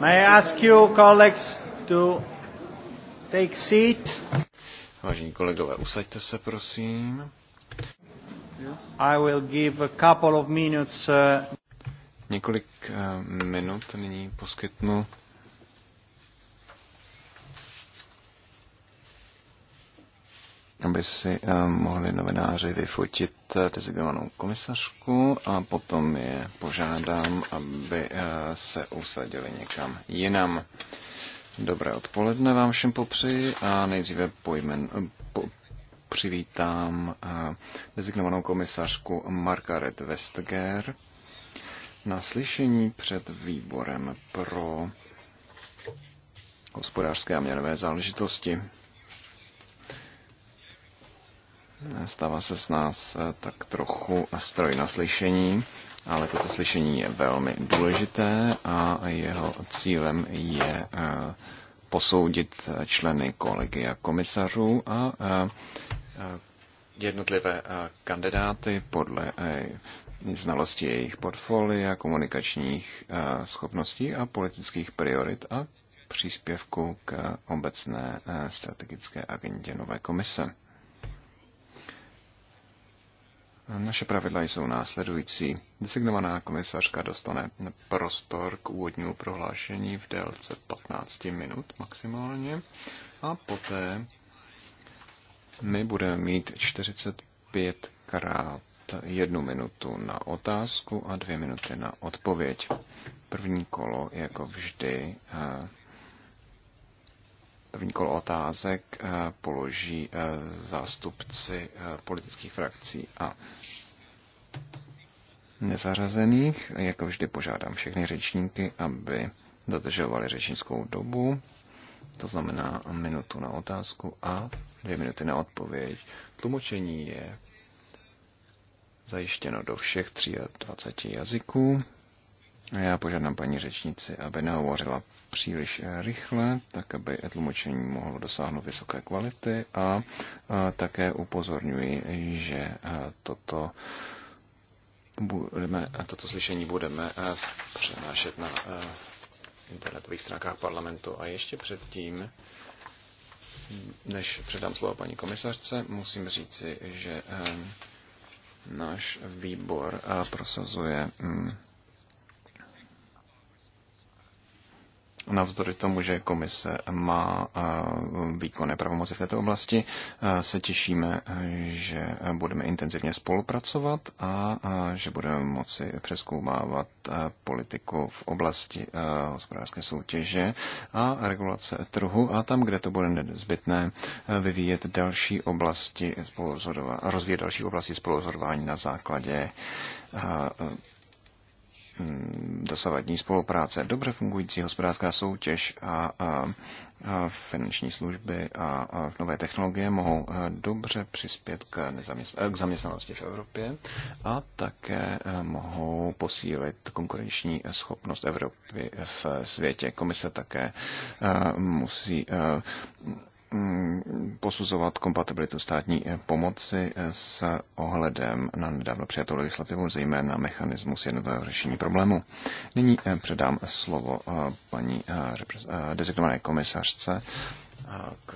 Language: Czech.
May I ask you, colleagues, to take seat? Vážení kolegové, usaďte se, prosím. I will give a couple of minutes. Uh, Několik eh, minut nyní poskytnu aby si eh, mohli novináři vyfotit eh, designovanou komisařku a potom je požádám, aby eh, se usadili někam jinam. Dobré odpoledne vám všem popřeji a nejdříve pojmen, po, přivítám designovanou komisařku Margaret Westger na slyšení před výborem pro hospodářské a měnové záležitosti. Stává se s nás eh, tak trochu stroj na slyšení, ale toto slyšení je velmi důležité a jeho cílem je eh, posoudit eh, členy kolegia komisařů a jednotlivé kandidáty podle znalosti jejich portfolia, komunikačních schopností a politických priorit a příspěvku k obecné strategické agendě nové komise. Naše pravidla jsou následující. Designovaná komisařka dostane prostor k úvodnímu prohlášení v délce 15 minut maximálně a poté my budeme mít 45 krát jednu minutu na otázku a dvě minuty na odpověď. První kolo, jako vždy, eh, kolo otázek eh, položí eh, zástupci eh, politických frakcí a nezařazených. Jako vždy požádám všechny řečníky, aby dodržovali řečnickou dobu, to znamená minutu na otázku a dvě minuty na odpověď. Tlumočení je zajištěno do všech 23 jazyků. Já požádám paní řečnici, aby nehovořila příliš eh, rychle, tak aby tlumočení mohlo dosáhnout vysoké kvality a eh, také upozorňuji, že eh, toto budeme, toto slyšení budeme přenášet na internetových stránkách parlamentu. A ještě předtím, než předám slovo paní komisařce, musím říci, že náš výbor prosazuje mm, navzdory tomu, že komise má eh, výkonné pravomoci v této oblasti, eh, se těšíme, eh, že budeme intenzivně spolupracovat a že budeme moci přeskoumávat politiku v oblasti hospodářské soutěže a regulace trhu a tam, kde to bude nezbytné, vyvíjet další oblasti rozvíjet další oblasti spoluzhodování na základě Mm, dosavadní spolupráce. Dobře fungující hospodářská soutěž a, a, a finanční služby a, a nové technologie mohou eh, dobře přispět k, nezaměstn- eh, k zaměstnanosti v Evropě a také eh, mohou posílit konkurenční schopnost Evropy v světě. Komise také musí Mm, posuzovat kompatibilitu státní eh, pomoci eh, s ohledem na nedávno přijatou legislativu, zejména mechanismus jednotného řešení problému. Nyní eh, předám slovo paní designované komisařce k